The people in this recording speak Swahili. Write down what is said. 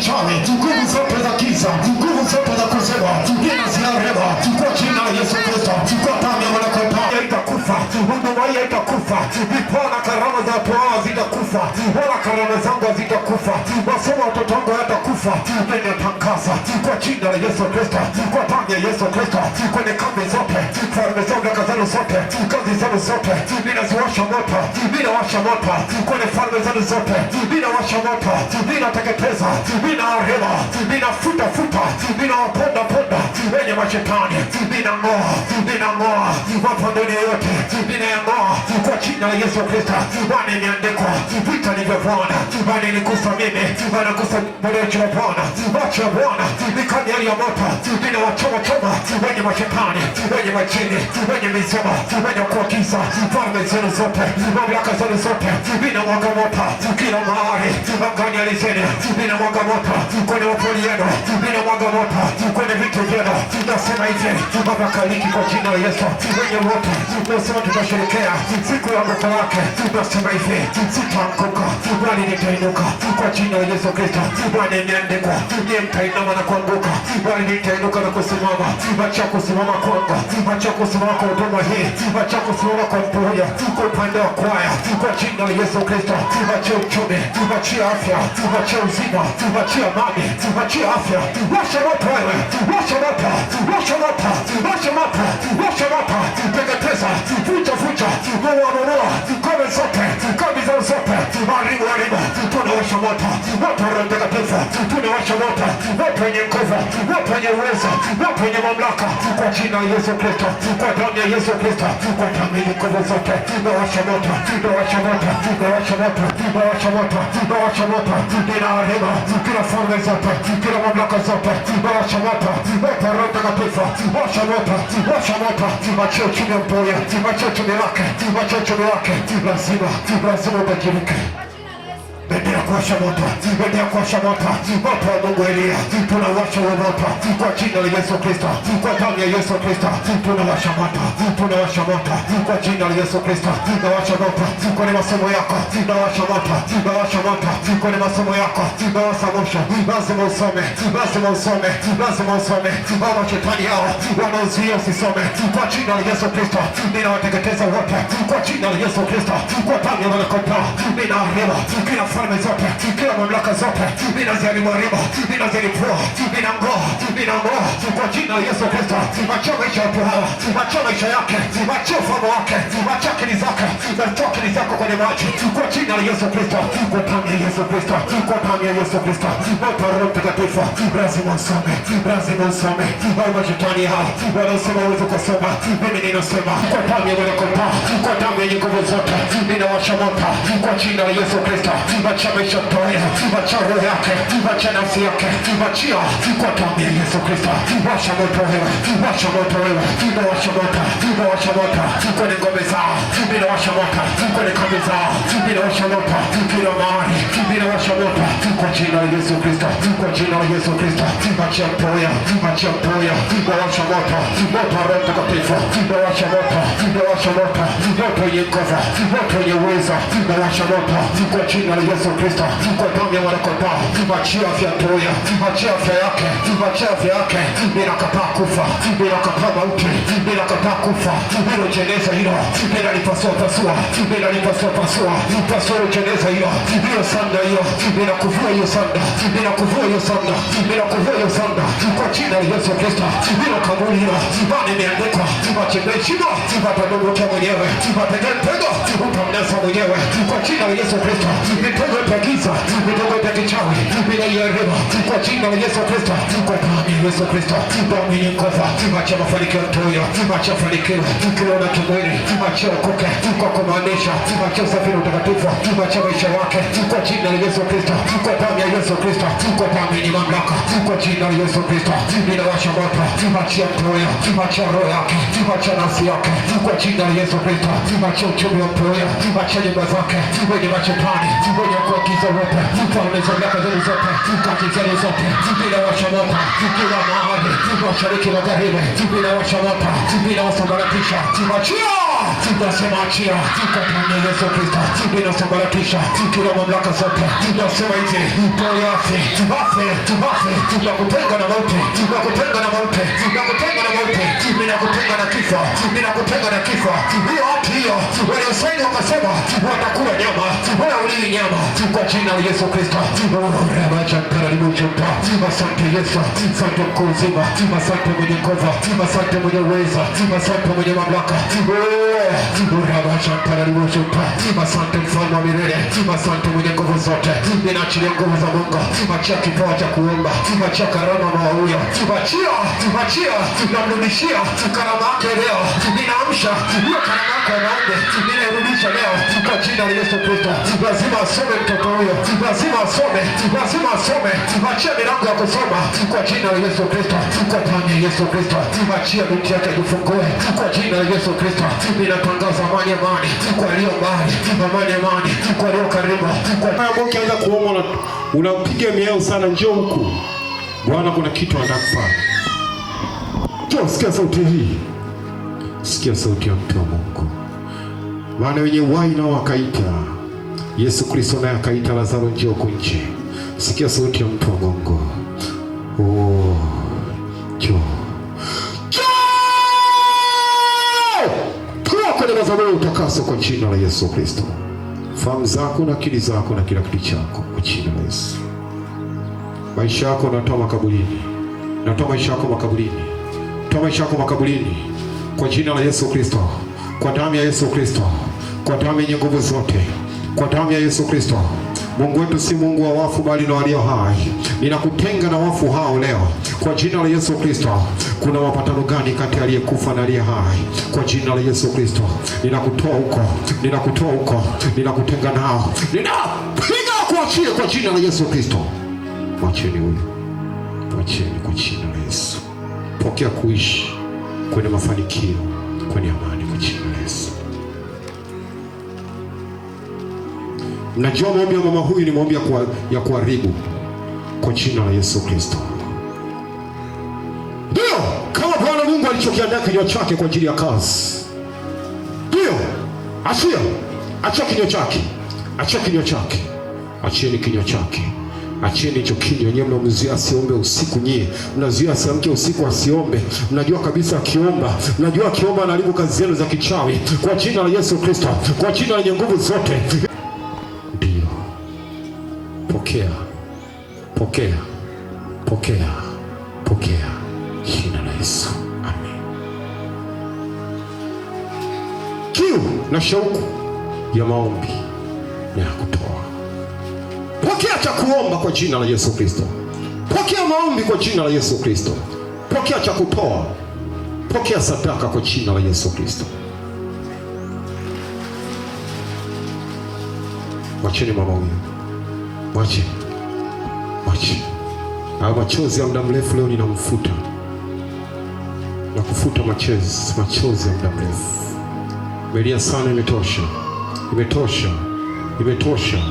kichwani, nguvu zote za kiza, nguvu zote za kuzeba, chukua na silaha, jina la Yesu Kristo, chukua damu itakufa, huduma hii itakufa, vipawa na karama za watu hawa hazitakufa, wala karama zangu hazitakufa, masomo watoto wangu hayatakufa. Ninatangaza kwa jina la Yesu Kristo, kwa damu ya Yesu Kristo, kwenye kambi zote, falme zote, kazanu zote, kazi zanu zote, ninaziwasha moto, ninawasha moto kwenye falme zanu zote, ninawasha moto, ninateketeza, ninaharibu, ninafuta futa, ponda, ninawaponda ponda wa shetani ninang'oa, ninang'oa wapo dunia yote, ninayang'oa kwa jina la Yesu Kristo. Bwana, imeandikwa vita ni vya Bwana, bali nikufa mimi, wanakufa mwananchi wa Bwana, macho ya Bwana ni kama yale ya moto, ninawachoma choma wenye mashetani, wenye majini, wenye mizimu, wenye kuagiza falme zenu zote, mamlaka zenu zote, ninamwaga moto kila mahali, angani alizeni, ninamwaga moto kwenye wapoli yenu, ninamwaga moto kwenye vitu vyenu nasema hivi Baba kaliki kwa jina la Yesu, wenye wote nasema tutasherekea siku ya mgogo wake, nasema hivi sitaanguka bali nitainuka kwa jina la Yesu Kristo. Bwana imeandikwa mie mtainama na kuanguka, bali nitainuka na kusimama. Acha kusimama kwangu, acha kusimama kwa huduma hii, acha kusimama kwa mtu huyo, kwa upande wa kwaya, kwa jina la Yesu Kristo. Achia uchume, achia afya, achia uzima, achia amani, achia afya. Washa moto wewe, washa moto Washa moto, washa moto, washa moto, teketeza, fucha, fucha, noa, noa, kome zote, kome zao zote, haribu, haribu, tunawasha moto, moto unaoteketeza, tunawasha moto, moto wenye nguvu, moto wenye uwezo, moto wenye mamlaka, kwa jina la Yesu Kristo, kwa damu ya Yesu Kristo, kwa damu yenye nguvu zote, nawasha moto, nawasha moto, nawasha moto nawasha moto, nawasha moto, ninaharibu kila falme zote, kila mamlaka zote, nawasha moto, moto Roho Mtakatifu, washa moto, washa moto, machio chini ya mboya, machio chini yake, machio chini yake, lazima lazima ubadilike kuwasha moto, endelea kuwasha moto, moto wa Mungu Elia, tunawasha huo moto kwa jina la Yesu Kristo, kwa damu ya Yesu Kristo, tunawasha moto, tunawasha moto kwa jina la Yesu Kristo, nawasha moto kwa ni masomo yako, nawasha moto, nawasha moto kwa ni masomo yako, nawasha moto, lazima usome, lazima usome, lazima usome, hao mashetani hao wanaozuia usisome, kwa jina la Yesu Kristo ninawateketeza wote, kwa jina la Yesu Kristo, kwa damu ya mwana kondoo ninaharibu kila falme zote zote, kila mamlaka zote ninazialimariba, ninazilipua, ninang'oa, ninang'oa kwa jina la Yesu Kristo. Achia maisha watu hawa, achia maisha yake, achia ufalme wake, achia akili zake na akili zako kwenye maji jina la Yesu Kristo, kwa damu ya Yesu Kristo, kwa damu ya Yesu Kristo. Moto wa Roho Mtakatifu lazima usome, lazima usome. Wale mashetani hao wanaosema uweze kusoma, mimi ninasema kwa damu ya mwana kondoo, kwa damu yenye nguvu zote, ninawasha moto kwa jina la Yesu Kristo. Acha maisha yatowee, acha roho yake, acha nafsi yake, achia kwa damu ya Yesu Kristo. Washa moto wewe, washa moto wewe, ninawasha moto, ninawasha moto kwenye ngome zao, ninawasha moto kwenye kambi zao, ninawasha shabota, kibira mari, kibira shabota. jina la Yesu Kristo, kwa jina la Yesu Kristo, achia poya, achia poya, wawasha moto, moto wa Roho Mtakatifu, wawasha moto, wawasha moto, moto wenye nguvu, moto wenye uwezo, wawasha moto kwa jina la Yesu Kristo, kwa damu ya mwanakondoo, achia afya poya, achia afya yake, achia afya yake, ninakataa kufa, ninakataa mauti, ninakataa kufa, hilo jeneza hilo, ninalipasua pasua, ninalipasua pasua, pasua jeneza hilo, hiyo sanda hiyo, ninakuvua hiyo sanda, ninakuvua hiyo sanda, ninakuvua hiyo sanda kwa jina la Yesu Kristo. Hilo kaburi hilo bado imeandikwa, wakimbeshindwa watadondoka mwenyewe, watega mtego utamnasa mwenyewe kwa jina la Yesu Kristo. Mitego itagiza, mitego itagiza uchawi inaiharibu kwa jina la Yesu Kristo, kwa damu ya Yesu Kristo, damu yenye nguvu. Acha mafanikio ya mtu huyo, acha afanikiwe na kimwili, acha okoke kwa kumaanisha, acha usafiri utakatifu, acha maisha yake kwa jina la Yesu Kristo, kwa damu ya Yesu Kristo, kwa damu yenye mamlaka, kwa jina la Yesu Kristo. Ninawasha moto, acha mtu huyo, acha roho yake, acha nafsi yake, kwa jina la Yesu Kristo, acha uchumi wa mtu huyo, acha nyumba zake, wenye mashetani, wenye kuagiza wote, falme za baraka zilizopo kati zilizopo zinawasha moto, kila mahali, mashariki na magharibi, zinawasha moto, zinawasambaratisha, zinawachia nasemaachia katika jina la Yesu Kristo, inasambaratisha kila mamlaka zote, nasema hizi toye afe afe afe, nakutenga na mauti, nakutenga na mauti, nakutenga na mauti, ninakutenga na kifo, ninakutenga na kifo. Hiyo hati hiyo waliosaini wakasema watakula nyama, wala ulili nyama, kwa jina la Yesu Kristo oh, ramachakaralibuchupa. Asante Yesu, asante mkuu mzima, asante mwenye nguvu, asante mwenye uweza, asante mwenye mamlaka oh, wewe. Asante mfalme wa milele, asante mwenye nguvu zote. Ninaachilia nguvu za Mungu, achia kipawa cha kuomba, achia karama mawauyo, achia achia, namrudishia karama yake leo. Ninaamsha hiyo karama yako ya ninairudisha leo kwa jina la Yesu Kristo. Lazima asome mtoto huyo, lazima asome, lazima asome. Achia milango ya kusoma kwa jina la Yesu Kristo, kwa damu ya Yesu Kristo. Achia binti yake jifungue kwa jina la Yesu Kristo inatangaza amani, amani kwa walio mbali, amani, amani kwa walio karibu. Ukianza kuomba unapiga mieo sana, njoo huku, Bwana kuna kitu anakufanya. Njoo sikia sauti hii, sikia sauti ya mtu wa Mungu, maana wenye uhai nao wakaita, Yesu Kristo naye akaita Lazaro, njoo huku nje. Sikia sauti ya mtu wa Mungu. Oh, njoo utakaso kwa jina la Yesu Kristo, fahamu zako na akili zako na kila kitu chako kwa jina la Yesu. Maisha yako natoa makaburini, natoa maisha yako makaburini, toa maisha yako makaburini kwa jina la Yesu Kristo, kwa damu ya Yesu Kristo, kwa damu yenye nguvu zote, kwa damu ya Yesu Kristo. Mungu wetu si Mungu wa wafu, bali na walio hai. Ninakutenga na wafu hao leo kwa jina la Yesu Kristo. Kuna mapatano gani kati aliyekufa na aliye hai? Kwa jina la Yesu Kristo ninakutoa huko, ninakutoa huko, ninakutenga nao, ninapiga kuachie kwa jina la Yesu Kristo. Mwacheni huyu, mwacheni kwa jina la Yesu. Pokea kuishi kwenye mafanikio, kwenye amani kwa jina la Yesu. Mnajua maombi ya mama huyu ni maombi ya kuharibu kwa jina la Yesu Kristo. Ndio kama Bwana Mungu alichokiandaa kinywa chake kwa ajili ya kazi. Ndio asia, achia kinywa chake, achia kinywa chake, achieni kinywa chake Achieni hicho kinywa Nyewe mnamzuia asiombe usiku, nyie mnazuia asiamke usiku asiombe. Mnajua kabisa akiomba, mnajua akiomba anaharibu kazi zenu za kichawi, kwa jina la Yesu Kristo, kwa jina lenye nguvu zote. Ndio pokea. Pokea, pokea, pokea jina la Yesu. Amen. Kiu na shauku ya maombi na ya kutoa, pokea cha kuomba kwa jina la Yesu Kristo. Pokea maombi kwa jina la Yesu Kristo. Pokea cha kutoa, pokea sadaka kwa jina la Yesu Kristo. Mwacheni mama huyu, mwacheni kuacha. Na machozi ya muda mrefu leo ninamfuta na kufuta machozi, machozi ya muda mrefu. Melia sana, imetosha, imetosha, imetosha.